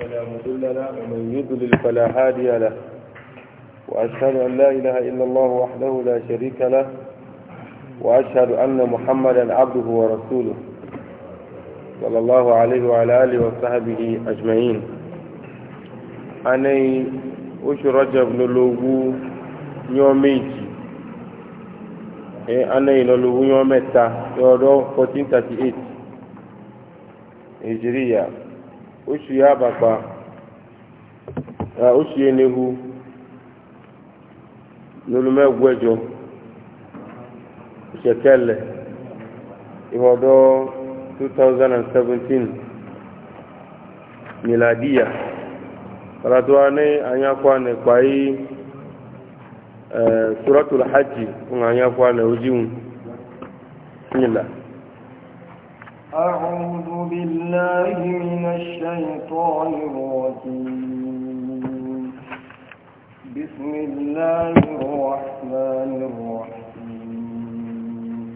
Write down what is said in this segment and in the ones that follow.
فلا مضل له ومن يضلل فلا هادي له وأشهد أن لا إله إلا الله وحده لا شريك له وأشهد أن محمدا عبده ورسوله صلى الله عليه وعلى آله وصحبه أجمعين أني oṣù rọ́jọ́ lọ́lọ́wọ́ yán méjì ẹ̀ anẹ́yìn lọ́lọ́wọ́ yán mẹ́ta 1438 hijiriya oṣù ya bakpa ah, oṣù enehu n'olùmẹ́gbẹ́jọ ìṣẹ̀kẹ́lẹ̀ ìwọ̀dọ́ 2017 miladiya karatuwa ní anyakwa nípa yí eh, suratul hajji ń anyakwa na ojíun nílá أعوذ بالله من الشيطان الرجيم بسم الله الرحمن الرحيم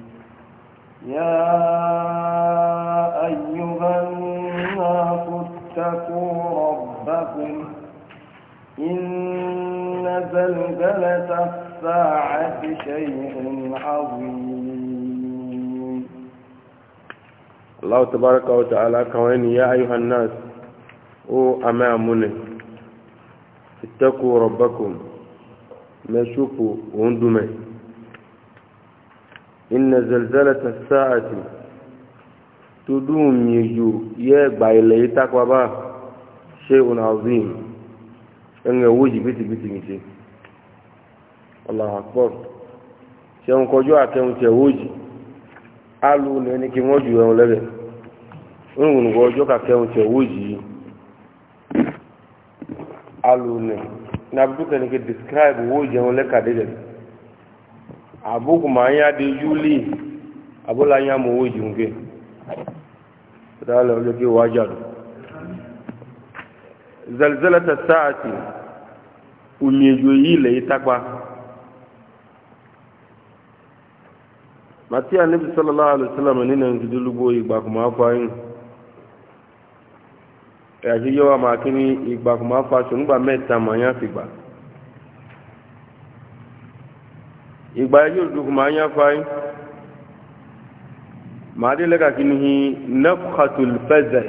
يا أيها الناس اتقوا ربكم إن زلزلة الساعة شيء عظيم Allah tabaraka wa ta'ala kawain ya ayyuhan nas o amamune ittaqu rabbakum masuku undume inna zalzalata as-sa'ati tudum yeju ye gbaile itakwa ba shay'un azim enge wuji biti biti nti Allahu akbar ṣe ń kọjú àtẹ̀hùn tẹ̀ wójì á lù ní ẹni kí wọ́n jù ŋun wọ ọjọ́ kakẹ́ wọn tẹ owó yìí alùnẹ̀ nàbùtù kẹ́nìkẹ́ describe owó yìí wọn lẹ́ka àbúkù máa ń yá yúlì àbúlà ń yá owó yìí wọn kẹ́ ọjọ́ kí wọ́n á jà lọ. zalzalata saati umiejo yìí màtí ẹ̀ṣí yọ́ wa máa kí ní ìgbà kò máa fa ṣùgbà mẹ́ta màáyá fi gbà ìgbà ẹjọ́ òdòdó kò máa yá fa yí màá dé lẹ́ka kí ní nafhatul fẹ́zẹ̀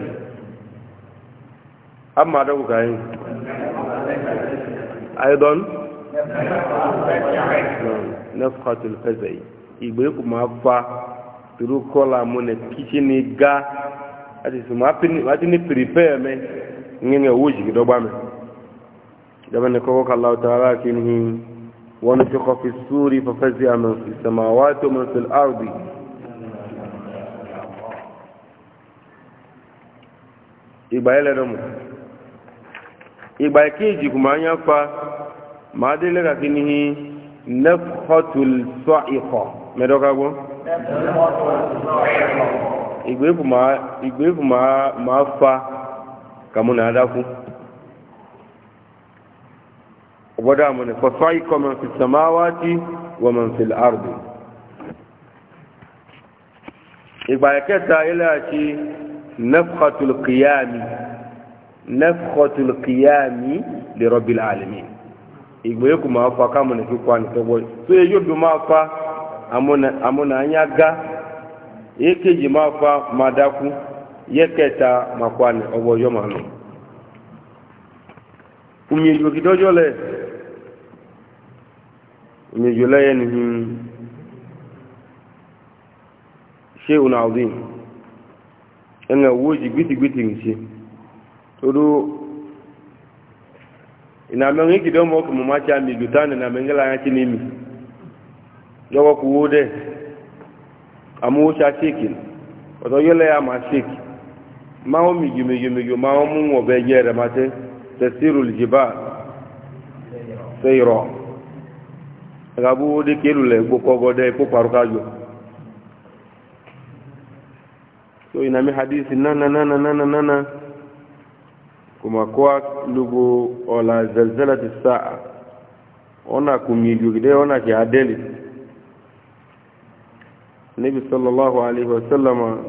a máa dọ́kù ká yí ayọ́dọ́n fẹ́zẹ̀ ìgbà kò máa fa tìrú kọ́lá mọ́nà kìí ṣe ní ga ati suma apini wati ni prepare me ngene wuji do bame dama ne ko ko Allah ta'ala kinhi wa nufiqa fi suri fa fazi'a man fi samawati wa man fil ardi igba ele do mu igba keji kuma anya pa ma de le ka kinhi nafhatul sa'iqa me do ka go nafhatul sa'iqa igwefu ma igwefu ma ma fa kamuna adaku wada mun fa sa'iqa man fi samawati wa man fil ardi igba keta ila ti nafkhatul qiyam nafkhatul qiyam li rabbil alamin igwefu ma fa kamuna fi kwani to èkejì máa fa máa dákú yẹ́kẹta máa pa ní ọwọ́ ọjọ́ máa nù omi èjò kìdọ́jọ́ lẹ̀ omi èjò lẹ́yẹ ni ṣé òun àwọn ọdún ẹ̀nà owó jì gbìtìgbìtì ń ṣe todo ìnàmẹ́rin kìdọ́mọ́ kìmọ̀ máa ṣe àmì ìjò tánà ìnàmẹ́rin láyá kí ní mi lọ́wọ́ kúwó dẹ̀ amóhóṣá ṣéèkì ọ̀tọ̀ yẹ́lẹ̀ yà máa ṣéèkì máa ń mìjì mìjì mìjì máa ń mú ọ̀bẹ yẹ rẹ̀ máa tẹ́ tẹ̀sírù lìjìbá sẹ́yìrọ̀ ẹ̀gàbú ó dé kéèlù lẹ̀ gbókọ́gọ́dẹ́ ikú parukájọ so ìnàmí hadisi nánanánanánánánà kò mà kó lógo ọ̀là zẹ̀lzẹ̀lẹ̀ ti sáà ọ̀nà kò mìjì òkèdè ọ̀nà kì í adẹ́lẹ̀ nabi sallallahu alaihi wasallam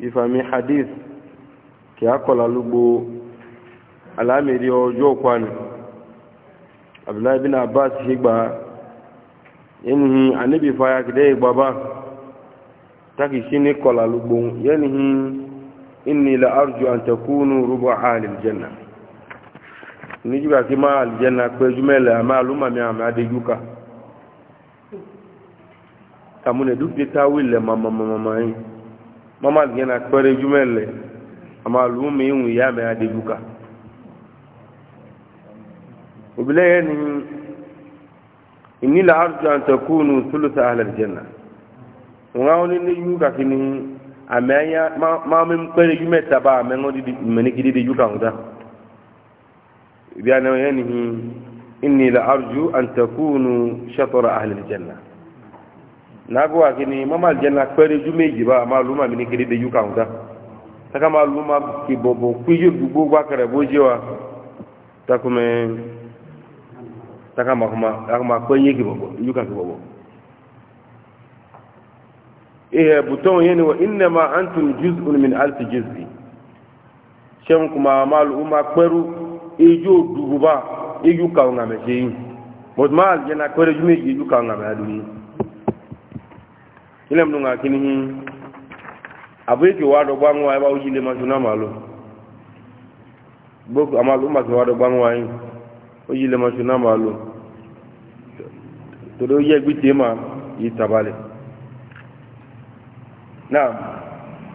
ifami hadith kí a kọla lugbo alamiri ọjọ́ kwanu abdullahi bin abbas ṣe gba yanihi anabi faya kide gbaba taki shi ni kọla lugbo yanihi inni la arju an takunu ruba alil janna ni jiba ki ma aljanna pe jumela ma aluma mi amade yuka kamune dukde tawille mamamamamayi mama gena kpere jumelle ama lumi ŋu yame ade duka obile yeni inni la arju an takunu thulutha ahli aljanna ŋawoni ni yuka kini ame anya mami kpere jume taba ame ŋo didi meni kidi di yuka ŋuta biane yeni inni la arju an takunu shatara ahli aljanna nago akini mama aljanna kpere ju meji ba ma luma mini kiri de ju kaunta taka ma luma ki bobo kuyo dubo gwa kare boje wa takume taka ma kuma taka ma kwenye ki bobo ju kan ki bobo ihe buton yeni wa inna ma antum juz'un min alf juz'i shem kuma ma luma kperu ijo e dubo ba iju e kaunga meje yi mod ma aljanna kpere ju ilẹ̀ mú nga kíni hin àbúyíkì wà dọ̀gbà ń wáyé bá ó yílé máa tún àmàlò gbókù àmàlò má kí wà dọ̀gbà ń wáyé ó yílé máa tún àmàlò tòdó yẹ gbí tèé ma yí tabalẹ̀ náà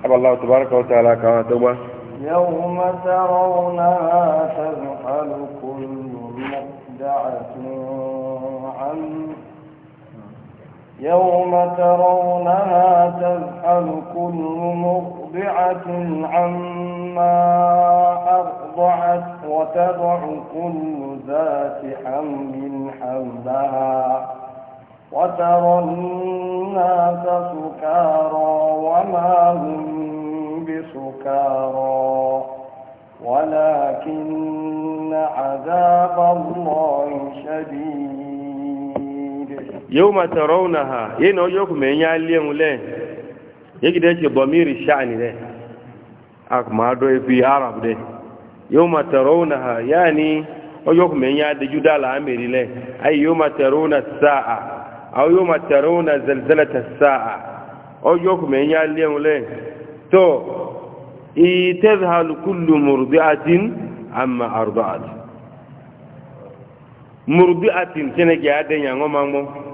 abalá tubára kan tà àlà kan àtọ́gbà. يوم ترونها تذهل كل مخدعة عما يوم ترونها تذهل كل مرضعة عما أرضعت وتضع كل ذات حمل حملها وترى الناس سكارى وما هم بسكارى ولكن عذاب الله شديد yau mata rauna ha yi na ojo kuma yin yaliyan wule ya gida ce domiri sha'ani ne a kuma ado ya fi arab ne yau mata rauna ha ya ni ojo kuma yin yada juda la'amiri ne ai yau mata rauna sa'a a yau mata rauna zalzalata sa'a ojo kuma yin yaliyan wule to itazhal kullu murdi'atin amma arba'at murdi'atin kene ga yadan yango mangmo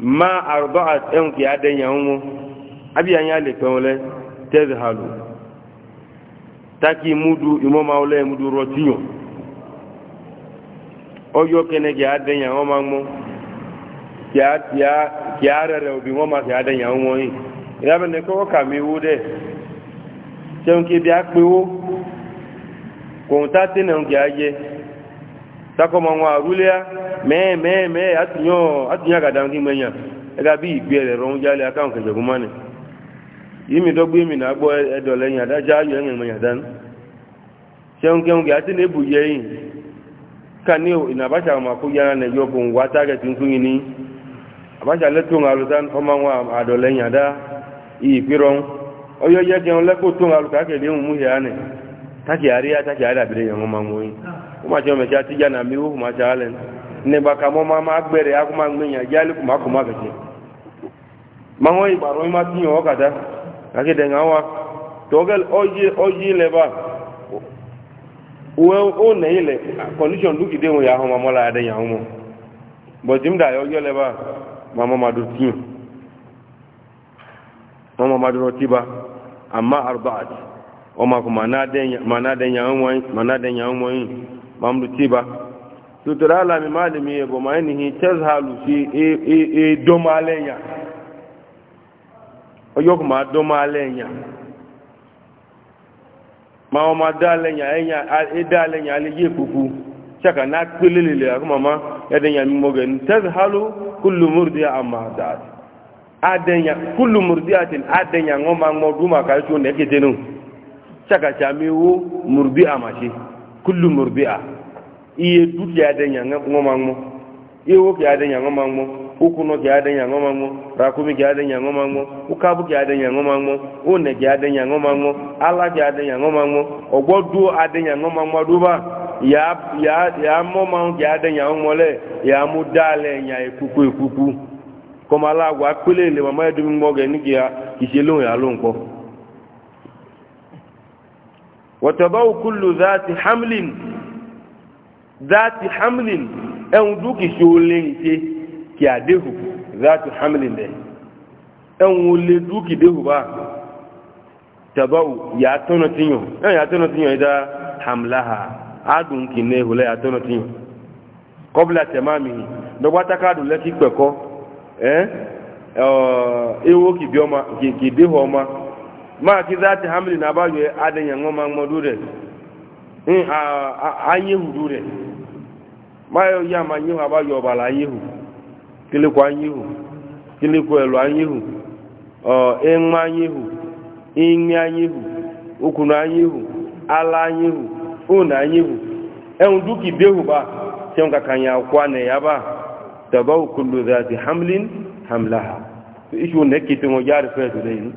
ma arba'at en ki aden yawo abi anya le pele halu taki mudu imo maule mudu rotinyo oyo kene ki aden yawo mangmo ki atia ki arere obi won ma ki aden yawo mo yi ya bene ko ka mi wu de seun ki bi apewo ko ta tene on ki aye tako mo wa rulia mee mee mɛɛ a tun yɔ a tun y'a ka dan k'i ma ɲa e ka bi gbé yɛrɛ rɔn jali a kan kɛsɛ kuma ne yi mi dɔ gbé mi na gbɔ ɛ dɔ lɛ ɲa da ja yɔ ŋɛ ma ɲa dan sɛŋ kɛ a ti ne bu yɛ yin ka ne o na ba sa ma ko yala ne yɔ bon wa ta kɛ tuntun ɲini a ba a dɔ lɛ ɲa da iyi gbé rɔn ɔyɔ yɛ kɛŋ lɛ ko to ŋa kɛ mu ne ya taki ari a ti na mi o sɛ nígbà kan mọ́ máa máa ya akọ́má gbìyàn jálì kùmá kùmá kẹ̀kẹ́ máa ma ìgbàrún yìí máa ti yàn ọ́kàdá akédèǹgà wa tọ́gẹ́l ọjí ilẹ̀ o wọ́n ó nẹ̀ ilẹ̀ condition dúkìdé wọn yàhùn arbaat tutore ala mi ma dị m ihe bụ ma enihi ches ha lụsi edomala enya onye ọkụ ma domala enya ma ọ ma dala enya enya edala enya alịghị ekpukpu chaka na akpelelele akụ mama edenya mimoge ches ha lụ kullu murdi ama dad adenya kullu murdiatin adenya ngoma ngodu maka chu ne ketenu chaka chamiwu murdi amashi kullu murdi'a iye du ya de nya ngo mangmo iye wo kia de nya ngo mangmo ukuno kia de ngo mangmo rakumi kia de ngo mangmo ukabu kia de ngo mangmo one ngo mangmo ala kia ngo mangmo ogbo ya ya ya mo ma kia de ngo le ya mu dale nya ekuku ekuku kọmọ aláàgbà pélé ya ذات حمل ان دوكي شولين كي ادهو ذات حمل ده ان ولي دوكي با تباو يا تونو تينو ان يا حملها ادون كي نه ولا يا تونو قبل تمامه دو باتكادو لكي eh ewo ki bioma ki ki deho ma ki zati hamli na adenya ngoma a anye mayo ya manyihu abayo bala yihu kile kwa yihu kile kwa lo yihu o enma yihu inya yihu ukunu yihu ala yihu una yihu en duki dehu ba sen ka kanya kwa ne ya ba tabaw kullu dhati hamlin hamlaha ishu ne kitingo jar fetu dai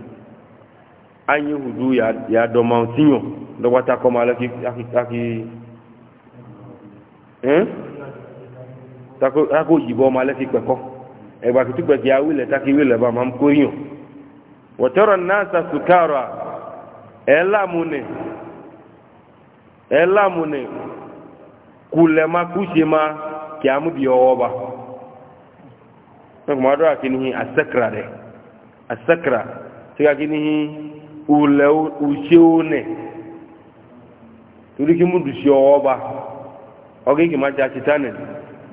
anyi hudu ya ya do mountinho do wata ko malaki aki aki eh tako yibɔ ma lɛ fi kpɛkɔ ɛgba tutu kpɛkɛ awi lɛ taki wi lɛ ba ma ko yi o wɔtɔrɔ nasa sukaroa ɛlamune ɛlamune kulɛma kusema kiamu bi ɔwɔba ne kuma dɔ akinihi asakra dɛ asakra ti ka kinihi ulɛwo utsewo nɛ turiki mu dusi ɔwɔba ɔkè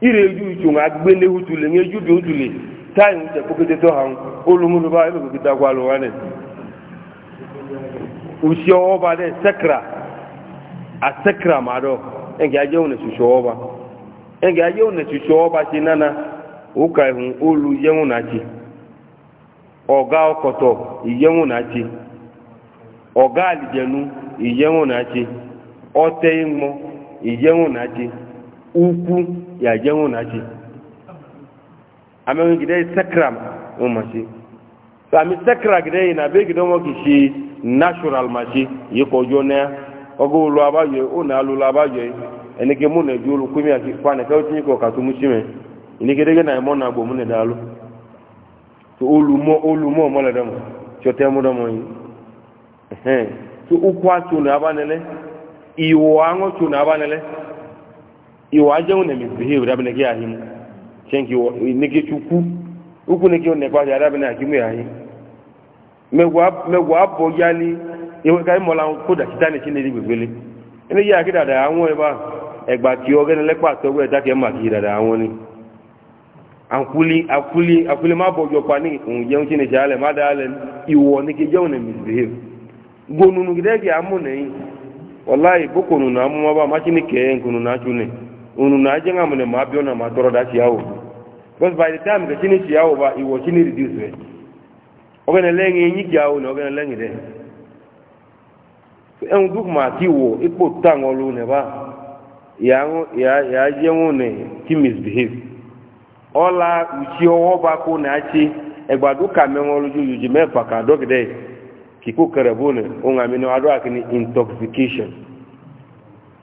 ire eju uchu ŋa gbele utule ŋa eju bi utule tayi ŋutɛ kokete tɔ hàn olumunu ba ebe kokete akɔ alu wane usi ɔwɔba dɛ sɛkra asɛkra ma dɔ ɛnke adze wone susu ɔwɔba nana olu alijenu Uku ya je nwụ na chi ameghi gide sekram nwụ ma chi so ami sekra gide yi na be gide nwoke shi natural ma chi yi ka ojo na ogo olu abayo o na ụlọ abayo enike mụ na ebi olu kwimi aki kwana ka otinye ka ọka tumu chi me enike dege na emo na agbo mu na dalu so olu mo olu mo mo lede mo chote mu domo yi so ukwu atụ na abanele iwu aṅụ tụ na abanele iwo ajewu na misbehave rabi na ki ahim shenki neke chukwu ukwu neke nekwa ya rabi na akimu ya ahim megwa abọ yali iwe ka imola koda chita ne chineli gbegbele ene ya ki dada awon eba egba ki oge ne atọ towo eta ke ma ki dada awon ni ankuli akuli akuli ma bojo ni unjeun na misbehave gonunu gidege amune wallahi boko ba na unu na aje ngamune ma bio na ma doro da chiawo because by the time ke chini chiawo ba iwo chini reduce we ogene lengi nyi chiawo no ogene lengi de en duk ma ti wo ipo tango ne ba ya ya ya je ne ti misbehave ola uchi owo ba ko na achi egbadu ka me won loju yuji me pa ka dogide kiku kerebune o ngami no adu akini intoxication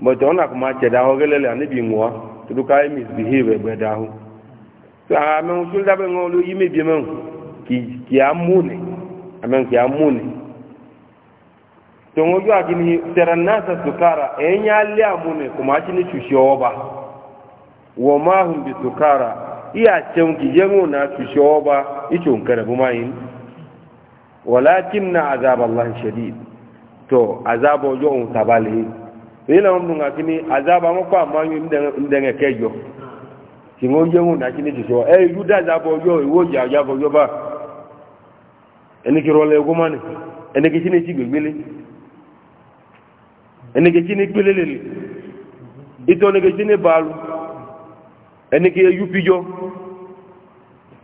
but ona kuma ce dawo gelele anibi ngwa tudu kai misbehave be dawo so amen sul da be ngolu yimi bi men ki ki amune amen ki amune to ngoju akini teranasa sukara enya ali amune kuma chini chushoba wa ma hum bi sukara iya cem ki jengo na chushoba icho nkara bumayin walakinna azab allah shadid to azabo jo un tabali nina mu nga kini azaba mo kwa manyu ndenge kejo kingo jengu na kini kicho e eh, yuda za bo yo wo ja ja bo yo ba eni ki role ko mani eni ki chini chigbe gbele eni ki chini gbele lele ito ni ki chini balu eni ki yupi jo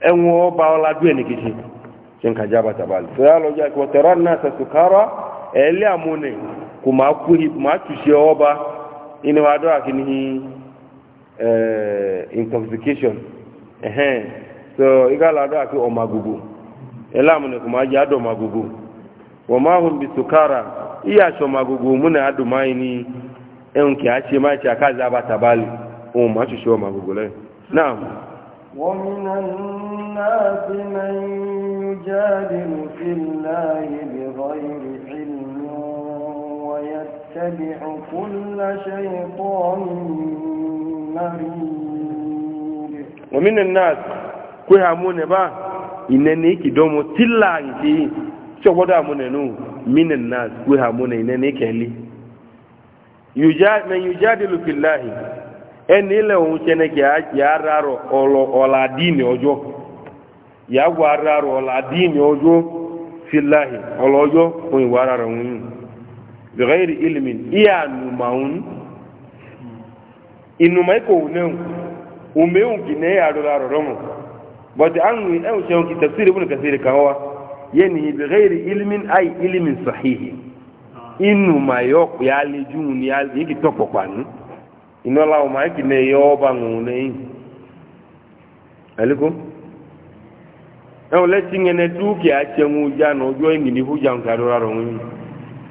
enwo ba ola du eni ki chini chenka jaba tabali so ya lo ja ko teranna sa sukara ele amune kuma kuri kuma tushe oba ina wa do akini eh intoxication eh so igala do akini omagugu elamu ne kuma ja do magugu wa ma hum bisukara iya sho magugu muna adumai ni en ki ache ma cha kaza batabali o ma tushe omagugu le naam ومن الناس من يجادل في الله بغير يتبع كل شيطان مريد ومن الناس كوي همون با إنني كدومو تلا إنتي شو بدا مننو من الناس كوي همون إنني كهلي يجاد من يجادل في الله ẹni ilẹ̀ ṣe ọ̀làdínì ọjọ́ ọ̀làdínì ọjọ́ ọlọ́jọ́ yìí bẹ̀rẹ̀ ilimin iya numaun inuma ikọ̀ onẹ́hùn umehun kì ní àrọ̀rọ̀ àrọ̀rọ̀ mọ̀ bọ̀dì àwọn ẹ̀hùn ṣẹun kì tafsiri ibùn kàfíìrì kan wá ilimin ayi ilimin sahihi inuma yọ pé alẹ́jú ni yìí kì tọ́pọ̀ pàánù iná láwọn máa kì ní ẹyọ ọba wọn lẹ́yìn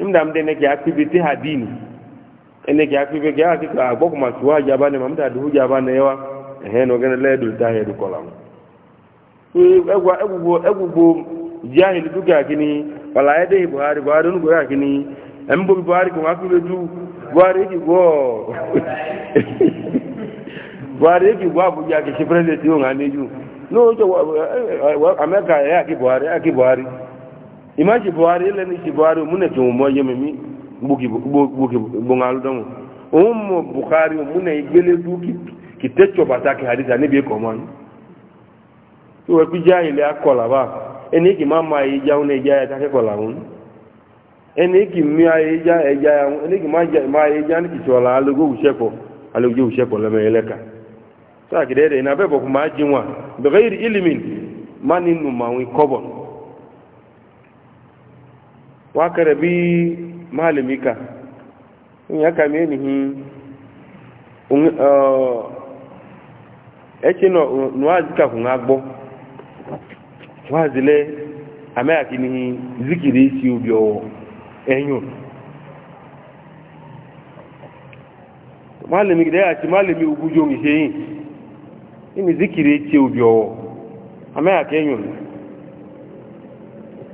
mda mde ne kya kibi ti hadini ene kya kibi kya ki ka boku ma suwa jabane mamta du jabane yawa ehe no gene le du tahe du kolam egwa egugbo egugbo jahil du ga buhari buhari nu ga embo buhari du buhari buhari abu no eh, eh, eh, ya buhari imaji buhari ile ni ji buhari mune ke mo yeme mi buki buki bungalu domo ummu bukhari mune igele duki kitecho bataki hadithi ani bi ko to bi le akola ba eni ki mama yi kola eni ki mi eni ki ma ma yi me sa jinwa bi ghairi ilmin manin kobon wa ka rabi malami ka in ya kame nihi uh, eki nuwazi ka kun agbo wazile amẹ́yàkí nihi zikiri isi obi ọwọ́ ẹ̀yùn malami gida ya ci malami ugujo mi ṣe yin ini zikiri isi obi ọwọ́ amẹ́yàkí ẹ̀yùn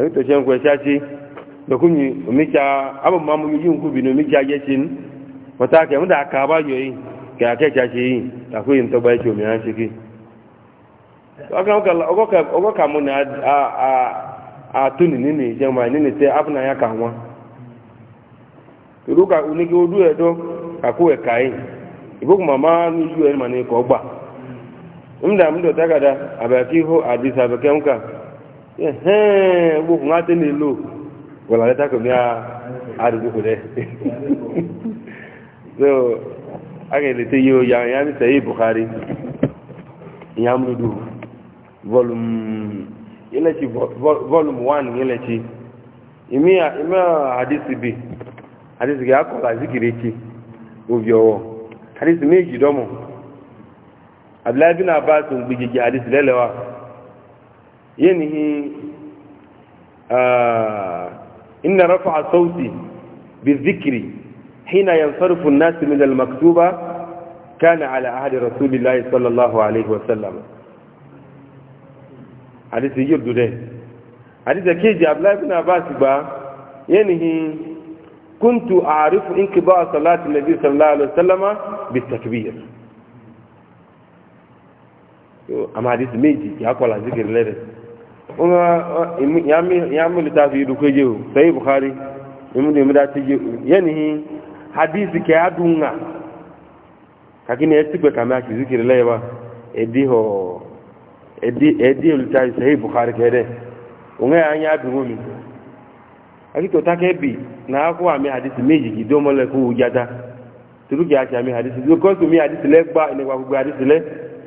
ẹni tó ṣe ń kọ ẹṣẹ́ ṣe lọ́kùnrin omíṣà abọ̀mọ́ amúmi yìí ń kú bìnú omíṣà jẹ́ ṣe ń wọ́n ta kẹ́ ń dà ká bá yọ yìí kẹ́ akẹ́kẹ́ ṣe yìí àkó yìí ń tọ́gbà ẹ̀ṣẹ̀ òmìnira ṣe kí. ọgọ́kà mú ni àtúnì nínú ìṣẹ́ wọn nínú ka oníke ojú ẹ̀hẹ́n gbogbo wọn tẹ́ nílò wọ̀lá lẹ́tà kò ní rẹ̀ so akẹ́lẹ̀ tẹ́ yíò ya ya ní sẹ́yí buhari ya ń volume ilẹ̀tì volume one ìmí àdísì bì àdísì kì í akọ̀lá zikiri ti òbí ọwọ́ méjì gbìjì lẹ́lẹ́wàá ينهي آه إن رفع صوتي بالذكر حين ينصرف الناس من المكتوبة كان على عهد رسول الله صلى الله عليه وسلم حديث يجب ده حديث كيجي عبد الله بن عباس با ينهي كنت أعرف انقضاء صلاة النبي صلى الله عليه وسلم بالتكبير أما حديث ميجي يقول على ذكر الله ya mili ta fi dukwe je sai bukhari imu da imida ce yanihi hadisi ke adunga kaki ne ya tigbe kame aki zikiri lai ba edi edi lita sai bukhari ke dai unga ya anya abin omi aki to ta kebi na akwọ ami hadisi meji ki domo lẹkọ wujata turuki aki ami hadisi because to me hadisi lẹ gba inegba gbogbo hadisi lẹ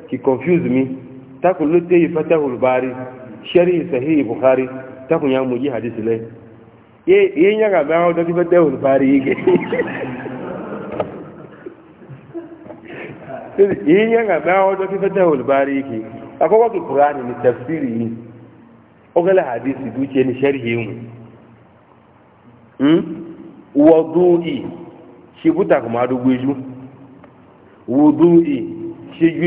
ki confuse me takun lo te yi fata hulubari sharhi sahihi bukhari ta kun ya hadisi lai ye ya nya ga ba da kifa da bukhari akwụkwọ ye nya ga tefiri da ọ gala hadisi ni sharhi mu hmm wudu'i buta kuma dugweju wudu'i shi ju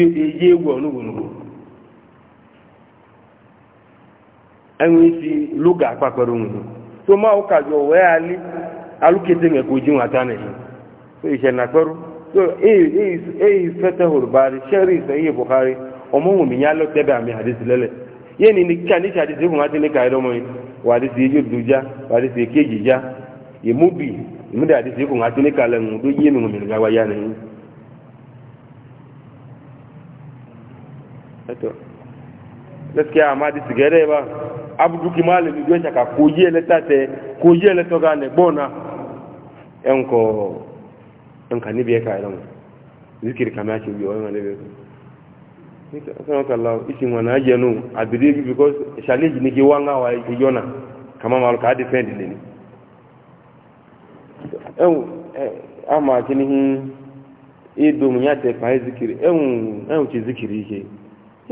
enwe isi lụga a onwe toma ụka jụ wee ali alụkete nwe ka oji nwata na ihe ihe na kperu eyi fete horubari sheri ise iye buhari ọmụnwụ mi ya lọtebe ami hadisi lele ye ni ka ni hadisi ihu nwata wa yi gawa ya gaskiya amma da sigare ba abduki malami gwe ta ka koji eleta te koji eleta ga ne bona enko enka ni biye ka idan zikir kama ce biyo wannan ne biyo nika sanan kallahu isi wana jenu abiri because challenge ni ki wanga wa yona kama mal ka defend ni ni en e, ama kinihi idu munyate pa zikiri en en ci zikiri ke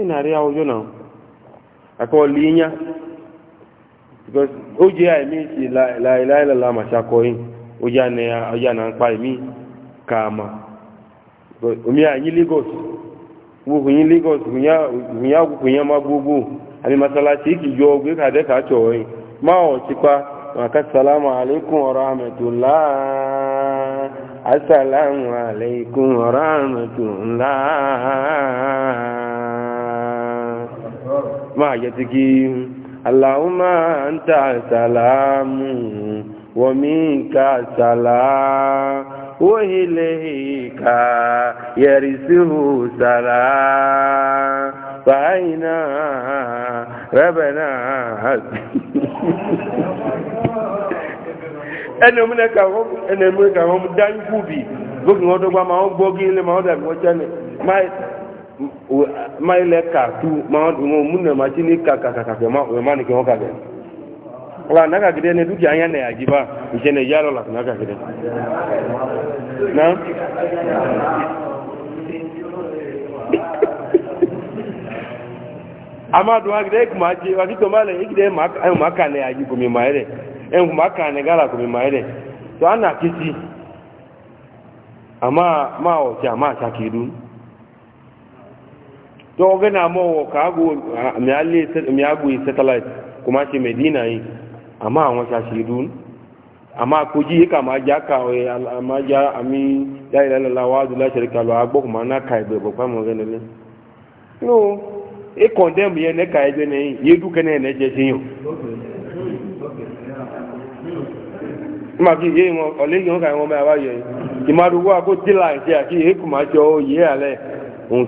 ina riya wo jona akọ linya because o jẹ àìmí ti láìláìlá màṣakọ yìí o jẹ àná ọjà náà ń pa èmi kààmà omi àyín lagos wo hùyín lagos hùyín àgùkù yẹn má gbogbo àmì masalasi kì yọ ọgbẹ kàdé kàtọ yìí má ọ ti pa màkà salamu alaykum wa rahmatulah asalaamu alaykum wa rahmatulah. Ma yẹ ti kí aláhùnmá ń ta sàlámù wọ̀mí ká sàlámù. وإليك يرثه سلام فأينا ربنا ẹni omi náà kàwọn ẹni omi náà kàwọn dáńkù bì gbókè wọn tó dàbí wọn tẹ́lẹ̀ ma ilẹ̀ kàtú ma múnẹ̀ ma ti ní kàkàkàkàkẹ̀ ma ní kí wọ́n kàkẹ̀ ọ̀la nàkàkẹ̀dẹ̀ ní dúkìá yẹn nẹ̀ àjíbá ìṣẹ̀lẹ̀ yà lọ́la nàkàkẹ̀dẹ̀ náà amadu agidẹ kuma ti wakito ma lẹ igidẹ ẹhùn ma kànẹ àjí kòmì ma ẹrẹ ẹhùn ma kànẹ gàlà kòmì ma ẹrẹ tó e e e a nà kìsì àmà ma ọ̀tí àmà àṣàkìdún to ga na mo ka go mi ali mi agu satellite kuma shi medina yi amma awon shashidun amma ko ji ka ma ja ka o ma ja ami la ilaha illallah wa la sharika agbo kuma na kai be bo mo ga ne no e condemn ye ne kai be ne ye du ne je sin yo ma ki ye mo yo ka mo ma wa ye ki ma wa ko ti e jo ye ale on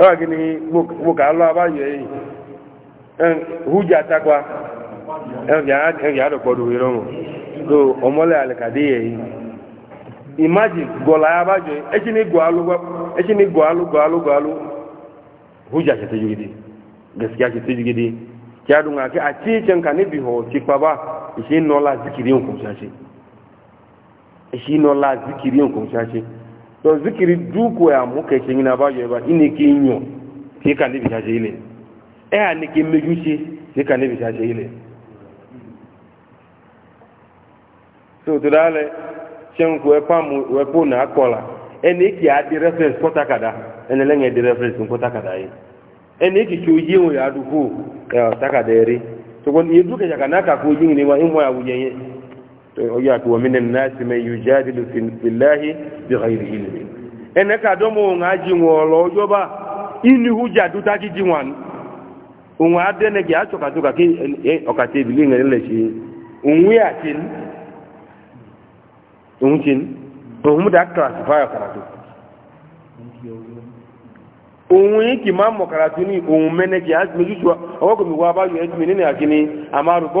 ewa gini gboka alọ abayọ eyi huji atakwa ẹgbẹ̀ adọ̀pọ̀dù ìrọ̀rùn so ọmọlẹ̀ alẹ́kàdé eyi imagine gọ̀ọ̀lá abayọ ẹ̀ṣin ni gọ̀ọ̀lú gọ̀ọ̀lú gọ̀ọ̀lú huji aṣẹ tẹ́jú gidi gaskiya aṣẹ tẹ́jú kí àti níbi zikiri zikiri to zikiri duko ya muka ke ngina ba je ba ini ki nyo ke ka nibi shaje ile e a ni ki mejushi ke ka nibi shaje ile so to dale chen ko e pamu we ko na akola eni ki a di reference kota kada eni lenye di reference kota kada yi eni ki chu yi o ya duko ya takada eri to kon yeduke jaka naka ko yingi ni wa imwa ya wujenye oya ko min an man yujadilu fillahi bighayri ilmi enaka do mo ji ngolo yoba ini huja duta ki jiwan unwa adene ki acho katuka ki okate bilinga ile shi unwi atin unchin ohun da classify karatu òun yìí wa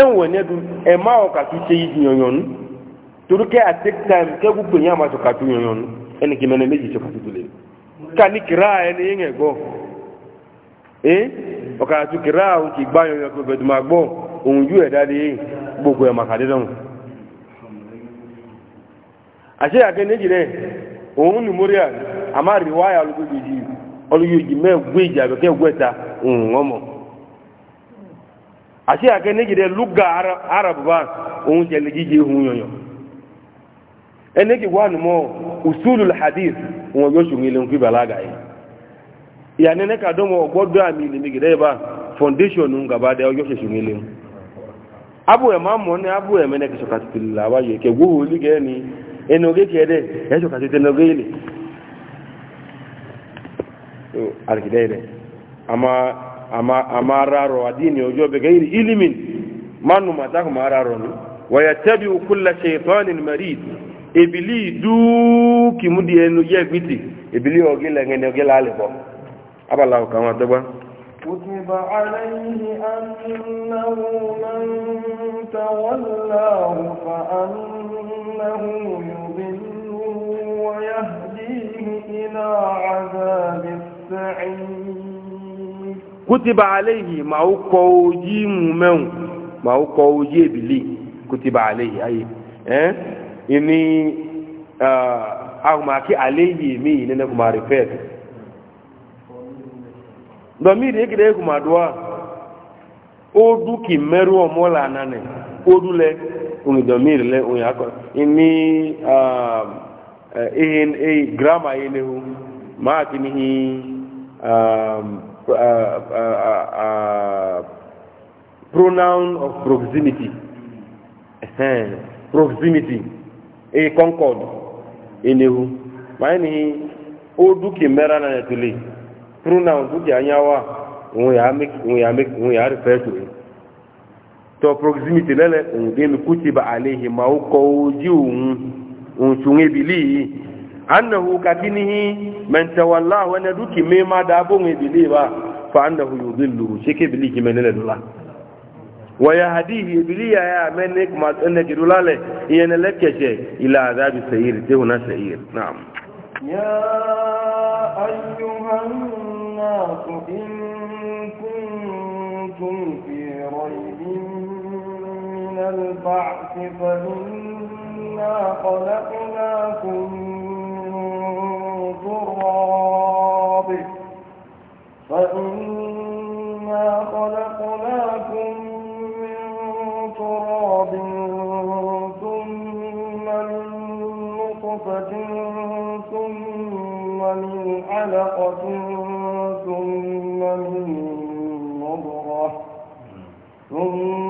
E ne du ema o ka tuche yi nyonyon a take time ke gu penya ma ka tu mene meji ka dule ka ni kira ene eh o ka kira o nke gba nyonyon ma ohun ju gbogbo e ma ka ase ake neji ne ohun ni ama riwaya lu bi ji olu yoji me gbe ja be àti àkẹ́ nígidẹ lúgà arab bá òun jẹlẹ jíjẹ ohun yọnyọ ẹnìkì wà mo usulu hadith wọn yóò ṣùgbọ́n ya nkúbi alága yìí ìyànnì nẹ́ka dọ́mọ ọgbọ́dọ̀ àmì ìlìmìgidẹ bá foundation ń gàbá dẹ ọjọ́ ṣùgbọ́n ilé abu abụghị máa mọ̀ ní abu ẹ̀ mẹ́nẹ́ kìsọ̀ kàtìtì ni ẹni ogé kẹ́ dẹ ẹ̀ṣọ̀ kàtìtì ama ama raro adini ojo be gairi ilimin manu mata ko mararo ni wa yattabi'u kulla shaytanin marid ibili du ki mudi enu ye gbiti ibili ogile ngene ogile ale bo abala kan wa dogba كتب عليه أنه من تولاه فأنه يضله ويهديه إلى عذاب السعير kutiba alayhi ma o kɔ oji mumɛw ma o kɔ oji ebili kutiba alayhi ayi ɛn ini a kun b'a kɛ alayhi mi ne ne kun b'a refɛt dɔn mi de ekele kun ma do wa o du k'i mɛri o mɔ la na nɛ o du lɛ o ni de lɛ o y'a kɔ ini ee ee girama ye ne o maa ti ni hin. pronouns uh, uh, uh, pronoun of proximity. proximity. A concord. Enehu. Maani o duki mera na netuli. Pronoun duki anyawa. Nwe ya make to it. To proximity lele ngemi kutiba bilii annahu kakinihi man tawalla wa naduki me ma da bo ngi biliba fa annahu yudhillu shike bili ki menele dula wa yahdihi biliya ya menek ma tsanne ki dulale yana lakkace ila azabi sayir te huna sayir na'am ya ayyuhan nas in kuntum fi raybin min al-ba'th fa inna khalaqnakum التراب فإنا خلقناكم من تراب ثم من نطفة ثم من علقة ثم من مضغة ثم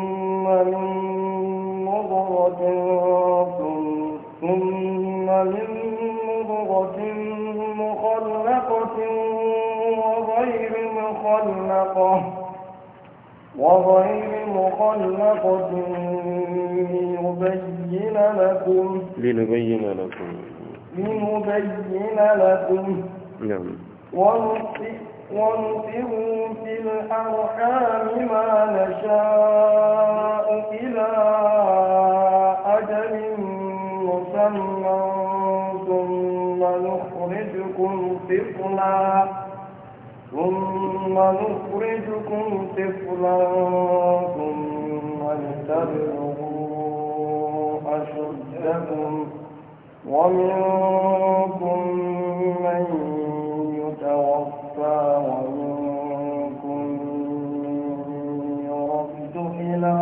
مخلقة وغير مخلقة لنبين لكم لنبين لكم لنبين لكم نعم ونطئ في الأرحام ما نشاء إلى أجل مسمى ثم نخرجكم طفلا ثم ثم نخرجكم طفلا ثم لتبلغوا أشدكم ومنكم من يتوفى ومنكم من يرد إلى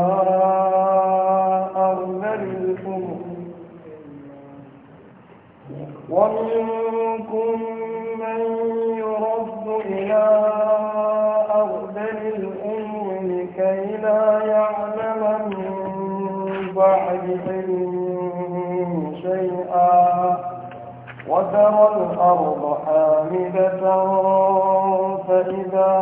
أرض الكفر ومنكم وترى الأرض حامدة فإذا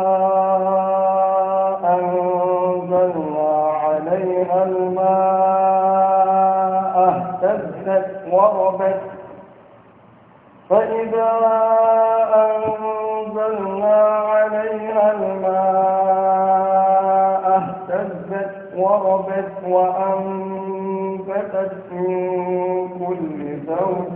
أنزلنا عليها الماء اهتزت وربت فإذا أنزلنا عليها الماء اهتزت وربت وأنبتت من كل زوج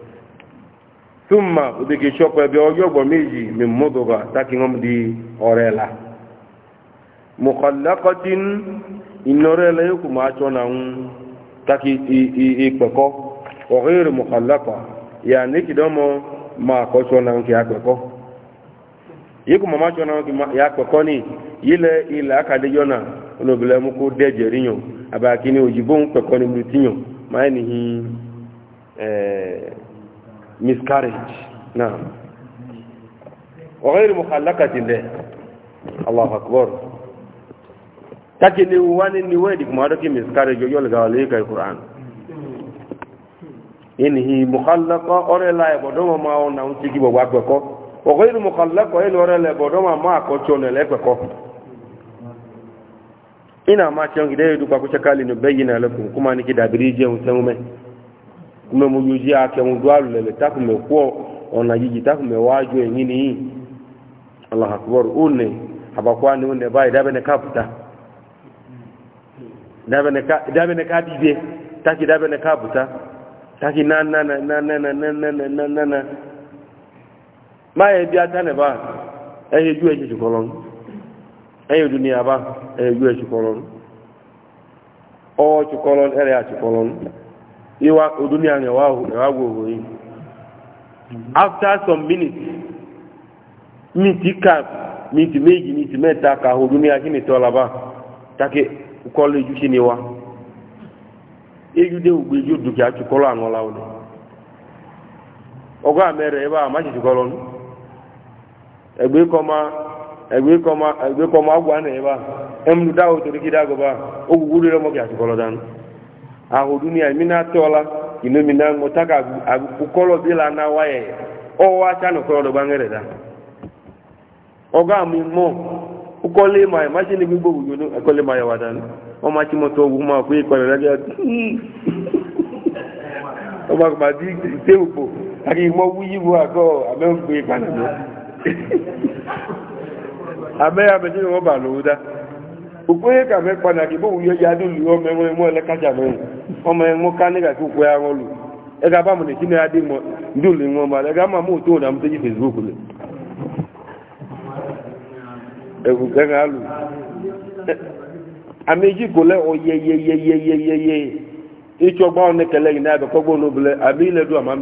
tuma odeke tsɔkɔ ɛbɛ ɔyɔgbɔ meji mimodoga taki ŋɔm di ɔrɛ la mɔkɔlɛkɔtin inɔrɛ la yɛ kuma atsɔ na ŋu taki i i ikpɛkɔ ɔhɛrɛ mɔkɔlɛkɔ ya neki dɔ mɔ ma kɔtsɔ na ŋu kɛ akpɛkɔ yɛ kuma ma tsɔ na ŋu kɛ ya akpɛkɔ ni yi lɛ ilɛ akadi yɔ na onobilɛ mu ko dɛ dzɛri nyɔ abakini odzibo ŋu kpɛkɔ ni mu ti nyɔ mayɛ ni hi ɛɛ. Eh, miscarriage náà ọ̀rẹ́ ìrìnmọ̀ alákàtí lẹ̀ Allahu akbar takini wani ni wedi kuma doki miscarriage yol ga wale kai qur'an inhi mukhallaqa ore la e bodo ma o na unti gibo wa ko o ghairu mukhallaqa en ore la bodo ma ma ko chone le ko ina ma chongi de du kume mujuji ake mudwalu lele takume kuo ona jiji takume wajwe ngini hii Allah akbar une habakwani une bai dabe ne kaputa dabe ne ka dabe ne kadibe taki dabe ne kaputa taki na na na na na na na na na na na ma ye bi atane ba ehe ju eje kolon ehe dunia ba ehe ju eje kolon o ju ere a ju iwa oduni ang ewago oyi after some minutes miti ka miti meji miti mẹta ka oduni akini tọlaba take kọlu eju si ni wa eju de ogbe eju dukia tukọlọ anwọla ọdọ ọgọ amẹrẹ ebe a ma ṣe tukọlọ nu ẹgbẹ kọma ẹgbẹ kọma ẹgbẹ kọma agwa na ebe a ẹmu da o torí kí dago ba o gbogbo rẹ mọ kí a tukọlọ dànù. aho dunia mina tola ino mina ngotaka ukolo bila na waye o wacha no kolo do bangereda oga mi mo ukole mai machi ni gbo gbo no ukole mai wadan o machi mo to ma ku ikole raga o ba ba di teupo ari mo wuyi bu ago abe ngbe kanado abe abe ni o ba lo da ukwe ka me kpa na gibo uyo ya du lu o me mo mo le kaja me o me mo ka ni ga ku ku ya ngolu e ga ba mo ni kini adi mo ma e ga ma facebook le e ku ga ga lu o gba ama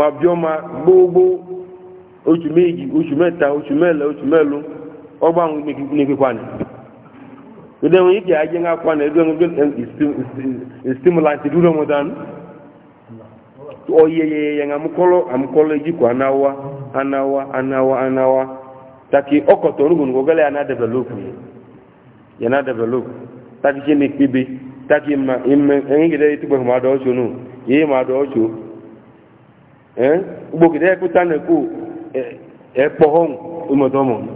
ma ma méjì mẹ́ta ọgba nwe imekikwu n'ekwekwani ede nwe ike aje nga na edo nwe e, stimulant duro mo dan oyeyeye nga mukolo amukolo ejiku anawa anawa anawa anawa taki ọkọtọ onugun gogele ya na develop ya na develop taki se ne kpebe taki ma ime engede itukpe ma do ocho nu ye ma do ocho eh ugbogide ekuta na ku e, e, ekpo hon imotomo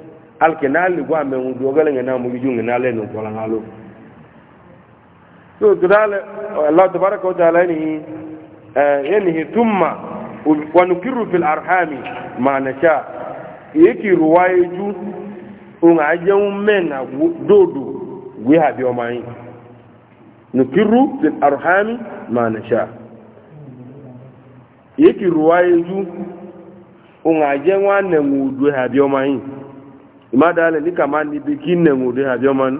alike na ali gwa ame ŋu dɔgɔ le ŋana mugi ju ŋana le nu kɔla ŋa lo so tura le ala tabara ko ni ɛɛ eh, yanihi wa nukiru fil arhami ma nasha yeki ruwaye ju ŋa ajɛŋu mɛ dodo gwe ha bi ɔma yi nukiru fil arhami ma nasha yeki ruwaye ju ŋa ajɛŋu anɛ ŋu do ha bi ɔma ima da ni kama ni bi kin ne ngude ha joman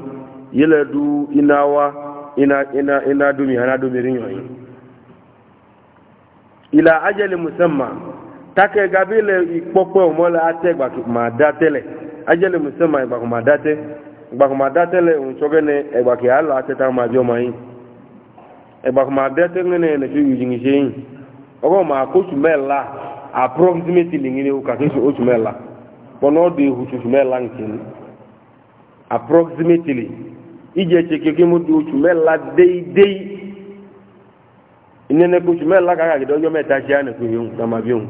yele du inawa ina ina ina du mi hana du mi rinyo yi ila ajali musamma take gabile ipopo mo la ate gba ma da tele ajali musamma gba ma da te gba ma da tele un chogene e gba ki ala ate ta ma joman yi e gba ma da ngene ne fi yuji ngi sheyin ogo ma ko tumela approximately ngine o o tumela kpɔnɔ de hututu mɛ la approximately idze tse keke mo de hututu mɛ la deidei nene ko hututu mɛ la kaka gidi ɔyɔ mɛ ta tsia ne ko yewu nama bi wu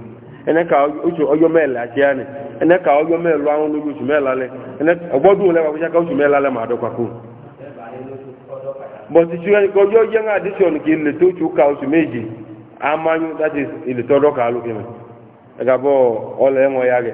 ene ka hutu ɔyɔ mɛ la tsia ne ene ka ɔyɔ mɛ lɔ anwo lori hututu mɛ la lɛ ene ɔgbɔdu lɛ kɔkɔ tsaka hututu mɛ la lɛ ma do kpako bɔn titun yɛ kɔjɔ addition ke le to tso ka hututu meji amanyu that is iletɔ dɔ ka alo kɛmɛ ɛgabɔ ɔlɛ ŋɔ ya gɛ.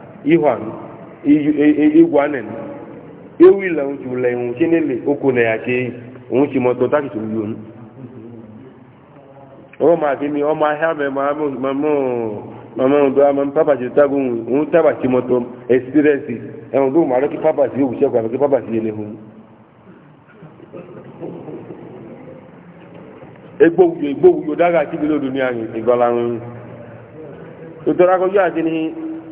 ihwan igwanen e, e, ewila ŋutsu le ŋutsi ne le oko ne ya tse ŋutsi mɔtɔ ta tutu ma kí e ni ọmọ ahẹ́ abẹ mamọ́ mamọ́ ọdọ amọ́ pápá ti tábù ń tábà tí mọ́tò ẹ̀sìpírẹ́sì ẹ̀wọ̀n tó mọ̀ àlọ́kí pápá ti òwúṣẹ́ kọ́ àlọ́kí pápá ti yẹlẹ̀ hùn. egbowuyo egbowuyo dága tí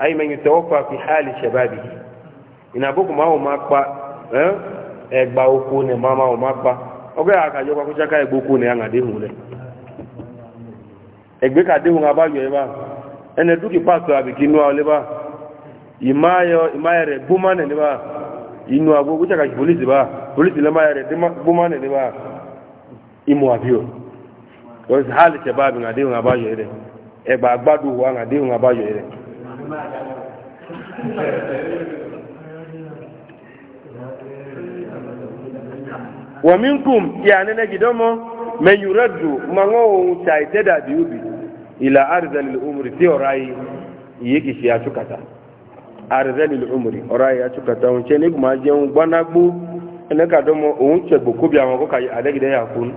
أي من يتوفى في حال شبابه إن أبوك ما هو مقبى ẹgbà oko ni mama ọmọ apá ọgbẹ́ àkàjọ pa kúṣáká ẹgbà oko ni àǹgàdéhùn rẹ̀ ẹgbẹ́ kàdéhùn abájọ ẹ bá ẹnẹ dúkì pàtó àbìkí inú àwọn lébà ìmáyẹ rẹ̀ gbómánẹ̀ lébà inú àgbo kúṣáká sí polisi bá polisi lẹ́máyẹ rẹ̀ gbómánẹ̀ lébà ìmọ̀ àbíọ̀ ọ̀sán hálì ṣẹ̀bá àbìkàdéhùn abájọ rẹ̀ ẹgbà àgbàdo àǹgàdéhùn abájọ rẹ̀ wa minkum yani na gidomo man yuraddu mango taite da biubi ila arzalil umri ti orai yiki si atukata arzalil umri orai atukata on cheni kuma jeun gbanagbo ene ka domo ohun chegbo ko bi awon ko kai adegide ya kun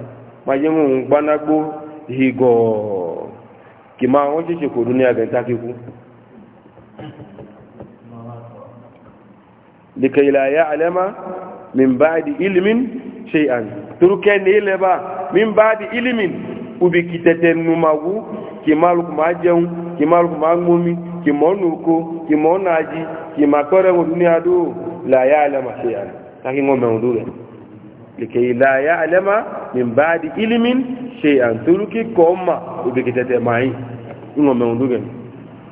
ma je mu gbanagbo higo kima won ti se ko dunia gan لكي لا يعلم من بعد علم شيئا تركن إلبا من بعد علم ba numagu kimalu kuma jẹun kimalu kuma gbomi kimọ nuko kimọ naji kima kọrẹ wọn duniya do la ya alama se ya taki ŋo mẹ wudu rẹ leke la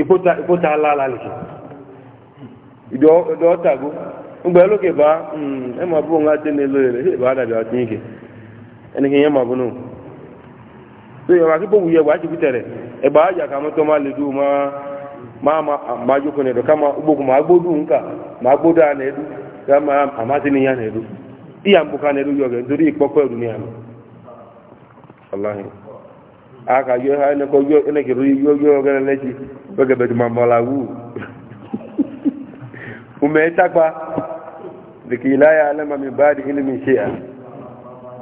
ikpota ala ala lè ìdọ̀ ọ̀tàgó ngbà lókè bá ẹ hmm, e máa bó ńlá tẹ́ ní lórí rẹ̀ ìbá dàbí àti yìí kẹ ẹni kì í yẹn máa bọ́nù tó yẹ wá kí wuyẹ wá ti fi tẹ̀rẹ̀ ẹ bá yà ká mọ́tọ́ máa lè dùn máa máa jókòó ní ká máa gbogbo máa gbódù nǹkan máa gbódù àná ẹ̀dù ká máa àmá aka yo ha ne ko yo ne ki yo yo gele ne ci be be la wu ume la ya alama min ba'di ilmi shay'a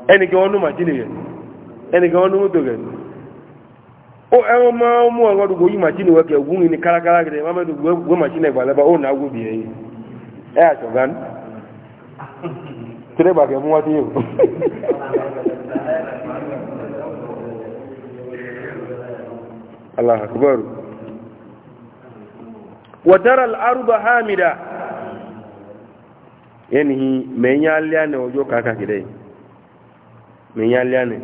eni ke onu ma jini ye eni ke onu to o e ma mu du go yi ma jini ke wu ni kala kala ma du go ma jini ba na bi ye e a so gan ba Allah akbar wa tara al-arba hamida yani me nyalya ne ojo kaka kidai me nyalya ne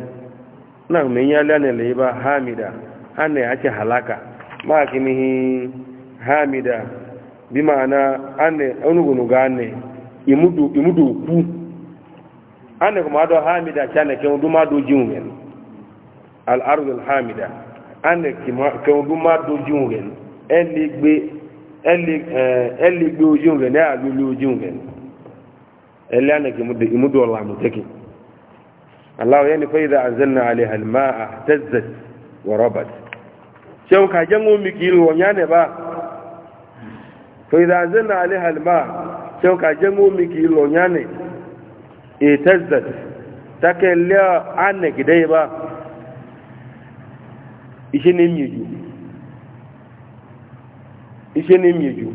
na me nyalya ne le ba hamida ane ace halaka ma kimihi hamida bi ma'ana ane onugunu gane imudu imudu ku ane kuma do hamida chane ke duma do jiumen al-ardu al-hamida ana kẹwọ́n má dojú rẹ̀ ẹlẹ́gbẹ́ ojú rẹ̀ ní àlúlú ojú rẹ̀ ẹlẹ́ ana ìmúdó ọ̀la àmọ̀tẹ́kì aláwọ̀ yẹn ni fẹ́ ìdá àzẹ́nà alẹ́ àlùmá àtẹ́zẹ̀ wọ rọ́bàtì ṣeun kàjẹ́ ń omi kì í lọ ọ̀nyá nẹ̀ bá fẹ́ ìdá àzẹ́nà alẹ́ àlùmá tákẹ́ lẹ́ ànẹ̀kìdẹ́yẹ bá iṣẹ́ ní mìíjú iṣẹ́ ní mìíjú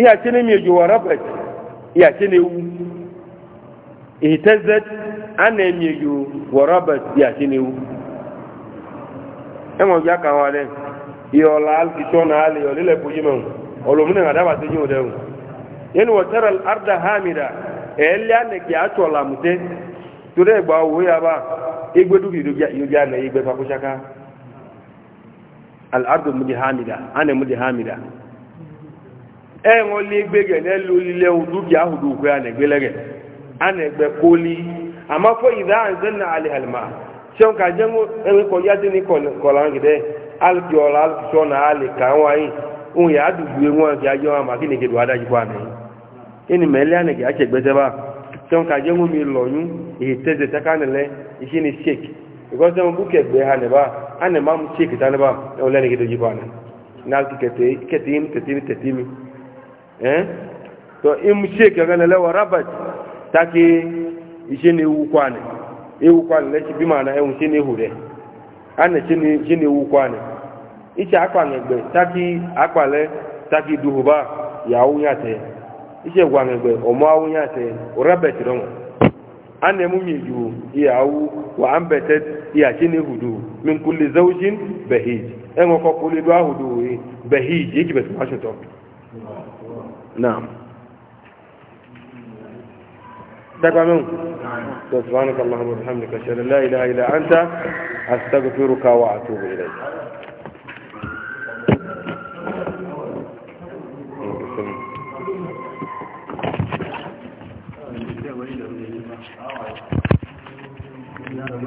iya ṣe ní mìíjú wa robert iya ṣe ní ewu ìtẹ́zẹ́ ana mìíjú wa robert iya ṣe ní ewu ẹmọ̀ bí aka wọn rẹ̀ ìyọ̀lá alkitọ́ na alẹ́ ọ̀lẹ́lẹ̀ bójú mẹ́rin ọlọ́múnà àdáwà tó yíò dẹ̀rùn yẹn wọ́n tẹ́rẹ̀ arda hamida ẹ̀ẹ́lẹ́ ànẹ̀kì àtọ̀làmùtẹ́ torí ẹ̀gbà owó yaba igwe duk yobiya na igwe fakushaka al'adu di hamida ana mudi hamida e wọn lé gbégẹ̀ nílùú lílẹ̀ dúkìá ahùdù òkú ànà gbélẹ́gẹ̀ ànà ẹgbẹ́ kólí àmá fọ́ ìdá àǹzẹ́nà alẹ́ àlùmá ṣeun kà jẹ́ ẹni kọjá sí ní kọ̀lá gẹ̀dẹ́ alùpùpù sọ́nà alẹ́ kàwọn ayé òun yà á dùgbù ewu àti ajọ́ àmà kí tẹ́wọ́n ká jẹ́ lọ lọ́yún èyí tẹ́jẹ̀ tẹ́kánilẹ́ iṣẹ́ ni sheik because tẹ́wọ́n bú kẹgbẹ́ hanẹ̀bá hanẹ̀má mú sheik tánibá ẹ̀wọ́n lẹ́nu gẹ́gẹ́ yípa nẹ̀ náà ti kẹtẹ́ mi tẹ̀tẹ́ mi tẹ̀tẹ́ mi ẹ́n tọ́ imú sheik ẹ̀kánilẹ́ wọ rabat tákì iṣẹ́ ni ewu kwanẹ̀ ewu kwanẹ̀ lẹ́sí bí màá na ẹ̀wọ̀n ṣe ni ehu ṣe ni ewu kwanẹ̀ iṣẹ́ akpa duhu yàwó ije gwang egbe ọmụ awụ ya te ụra betịrị ọnwụ a na-emu nye ju ihe awụ wa ambete ya chinehu du min kulli zawjin bahij enwekọ kulli du ahụ du bahij iji betu washington naam تقامون سبحانك اللهم وبحمدك اشهد ان لا اله الا انت استغفرك واتوب اليك da